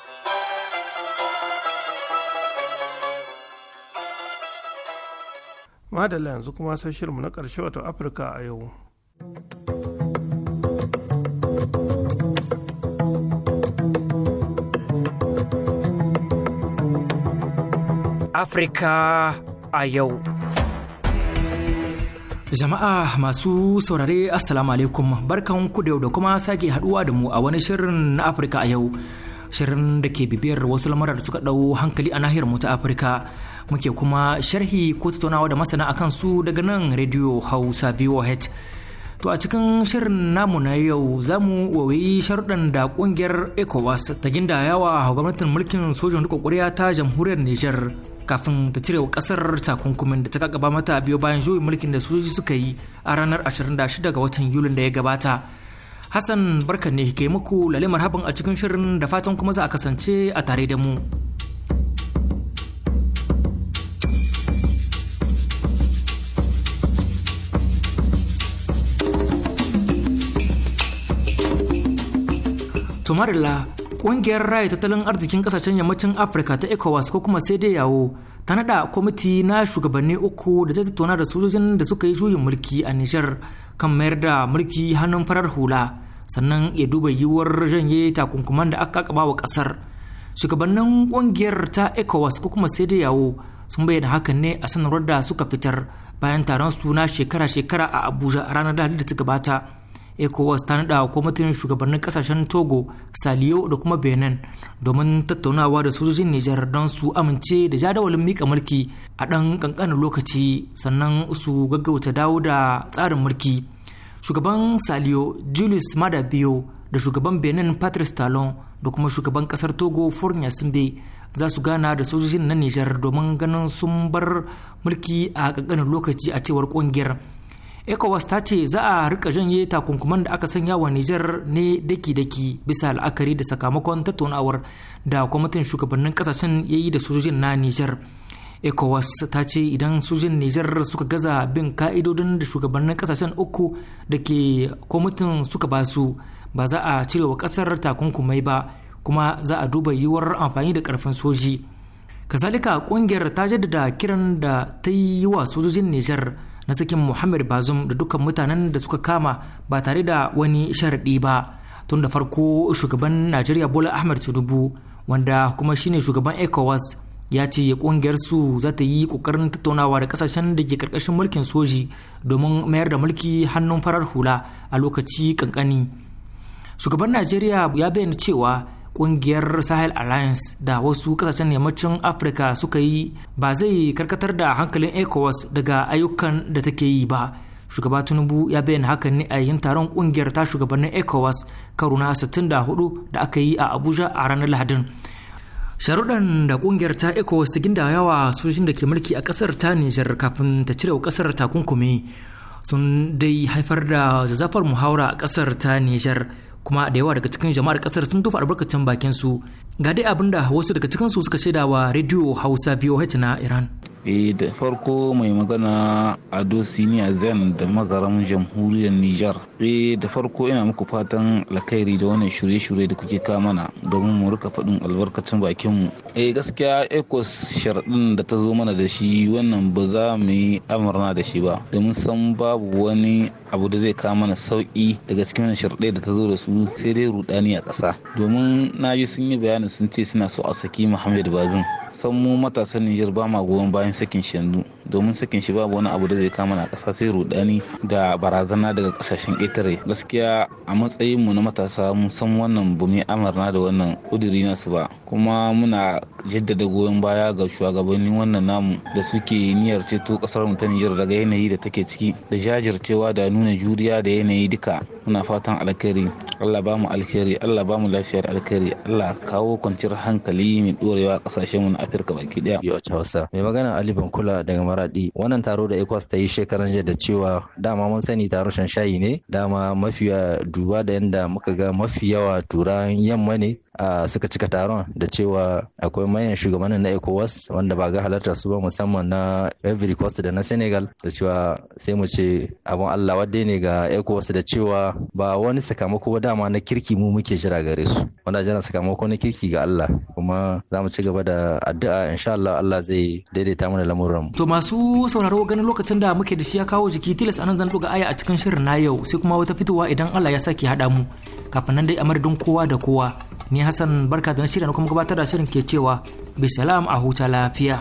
Madalla yanzu kuma sai shirinmu na ƙarshe wato Afirka a yau. Afirka a yau. Jama'a masu saurare Assalamu alaikum barkan ku da yau da kuma sake haduwa da mu a wani shirin na Afirka a yau. Shirin da ke bibiyar wasu lamarar suka ɗau hankali a nahiyar mu ta Afirka. Muke kuma sharhi ko tattaunawa da masana akan su daga nan Radio Hausa VOH. To a cikin shirin namu na yau za mu wawayi sharuɗan da ƙungiyar ECOWAS ta ginda yawa gwamnatin mulkin sojan riƙon ta jamhuriyar Nijar kafin ta cirewa kasar takunkumin da ta kakaba mata biyo bayan juyin mulkin da sojoji suka yi a ranar 26 ga watan yuli da ya gabata hassan barka ne ke muku lalimar marhaban a cikin shirin da fatan kuma za a kasance a tare da mu tumarila Ƙungiyar raya tattalin arzikin ƙasashen yammacin Afirka ta ECOWAS ko kuma sai dai yawo ta naɗa kwamiti na shugabanni uku da zai tattauna da sojojin da suka yi juyin mulki a Nijar kan mayar da mulki hannun farar hula sannan ya duba yiwuwar janye takunkuman da aka kaba wa ƙasar. Shugabannin ƙungiyar ta ECOWAS ko kuma sai dai yawo sun bayyana hakan ne a sanarwar da suka fitar bayan taron suna shekara-shekara a Abuja a ranar da ta gabata. ecowas ta naɗa kwamitin shugabannin kasashen togo saliyo da kuma benin domin tattaunawa da sojojin nijar don su amince da jadawalin mika mulki a ɗan ƙanƙanin lokaci sannan su gaggauta dawo da tsarin mulki shugaban saliyo julius madabio da shugaban benin patrice talon da kuma shugaban ƙasar togo fournier simbe za su gana da sojojin na nijar domin ganin sun bar mulki a ƙanƙanin lokaci a cewar ƙungiyar ecowas ta ce za a rika janye takunkuman da aka sanya wa nijar ne daki-daki bisa la'akari da sakamakon tattaunawar da kwamitin shugabannin kasashen ya yi da sojojin na nijar ecowas ta ce idan sojin nijar suka gaza bin ka'idodin da shugabannin kasashen uku da ke kwamitin suka ba su ba za a cire wa kasar takunkumai ba kuma za a duba yiwuwar amfani da karfin soji kazalika kungiyar ta jaddada kiran da ta yi wa sojojin nijar na sakin muhammad bazum da dukkan mutanen da suka kama ba tare da wani sharaɗi ba tun da farko shugaban najeriya bola ahmed tinubu wanda kuma shine shugaban ecowas ya ce kungiyar su za ta yi ƙoƙarin tattaunawa da ƙasashen da ke karkashin mulkin soji domin mayar da mulki hannun farar hula a lokaci kankani shugaban najeriya ya bayyana cewa kungiyar sahel alliance da wasu kasashen yammacin afirka suka yi ba zai karkatar da hankalin ecowas daga ayyukan da take yi ba shugaba tinubu ya bayyana hakan ne a yayin taron kungiyar ta shugabannin ecowas karo 64 da aka yi a abuja a ranar lahadin sharuɗan da kungiyar ta ecowas ta ginda yawa sojojin da ke mulki a kasar ta nijar kafin ta cire kasar takunkumi sun dai haifar da zazafar muhawara a kasar ta nijar kuma da yawa daga cikin jama'ar kasar sun tofa albarkacin bakin su ga dai abin da wasu daga cikin su suka shaidawa wa radio hausa voh na iran eh da farko mai magana ado siniya zen da magaram jamhuriyar Nijar. e da farko ina muku fatan alkhairi da wannan shirye-shirye da kuke kama mana domin mu rika faɗin albarkacin bakinmu eh gaskiya ecos sharaɗin da ta zo mana da shi wannan ba za mu yi amurna da shi ba domin san babu wani abu da zai kawo mana sauƙi daga cikin wannan sharaɗai da ta zo da su sai dai rudani a ƙasa domin na ji sun yi bayanin sun ce suna so a saki muhammad bazin san mu matasan Nijar ba ma goyon bayan criança que enchendo domin sakin shi babu wani abu da zai kama na ƙasa sai rudani da barazana daga ƙasashen ƙetare gaskiya a matsayin mu na matasa mun san wannan bumi amarna da wannan kuduri nasu ba kuma muna jaddada goyon baya ga shugabannin wannan namu da suke niyyar ceto ƙasar mu ta Nijar daga yanayi da take ciki da jajircewa da nuna juriya da yanayi duka muna fatan alkhairi Allah ba mu alkhairi Allah ba mu lafiyar alkhairi Allah kawo kwanciyar hankali mai ɗorewa ƙasashen mu na Afirka baki ɗaya. Yau Hausa mai magana Ali Bankula daga maradi wannan taro da ecos ta yi shekaran jiya da cewa dama mun sani taron shayi ne dama mafiya duba da yadda muka ga mafi yawa turan yamma ne suka cika taron da cewa akwai manyan shugabannin na ecowas wanda ba ga halartar su ba musamman na ivory coast da na senegal da cewa sai mu ce abin allah wadde ne ga ecowas da cewa ba wani sakamako ba dama na kirki mu muke jira gare su wanda jiran sakamako na kirki ga allah kuma za mu ci gaba da addu'a insha allah allah zai daidaita mana lamuran to masu sauraro ganin lokacin da muke da shi ya kawo jiki tilas anan zan ga aya a cikin shirin na yau sai kuma wata fitowa idan allah ya sake haɗa mu kafin nan dai a madadin kowa da kowa ni hassan barka da na shirya na kuma gabatar da shirin ke cewa bisalam a huta lafiya.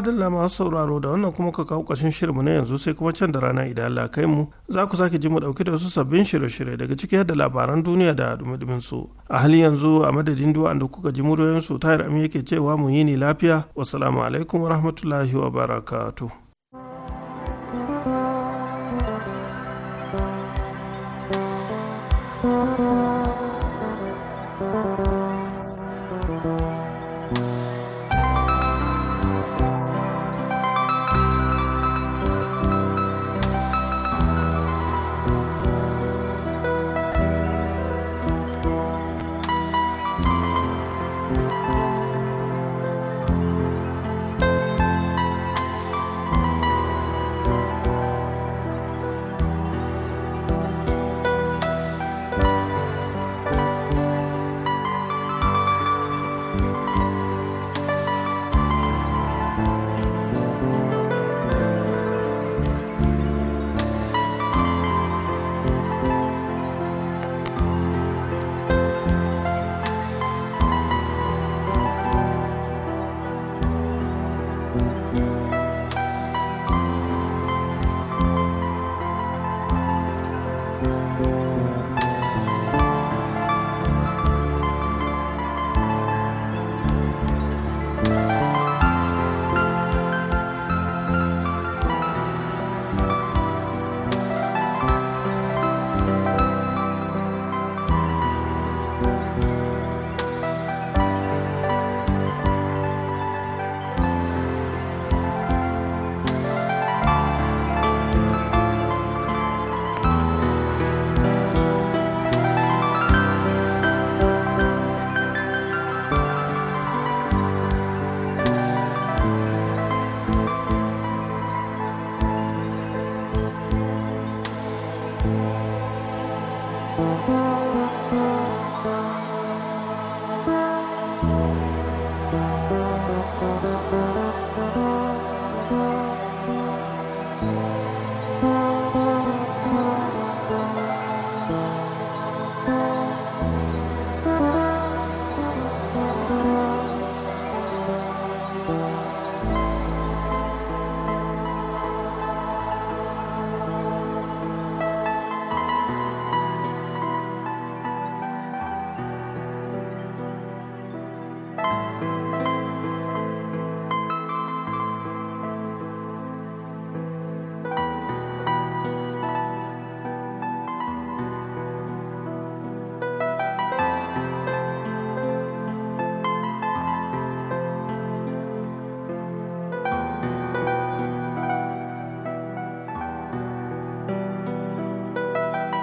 dalla masu sauraro da wannan kuma ka kawo ƙashin shirinmu na yanzu sai kuma can da rana idan Allah kai mu za ku sake ji mu ɗauki da wasu sabbin shirye-shirye daga ciki da labaran duniya da dumi su. A hali yanzu a madadin duwan da kuka ji muryoyin su tayar ami yake cewa mu yi ni lafiya. Wassalamu alaikum warahmatullahi rahmatullahi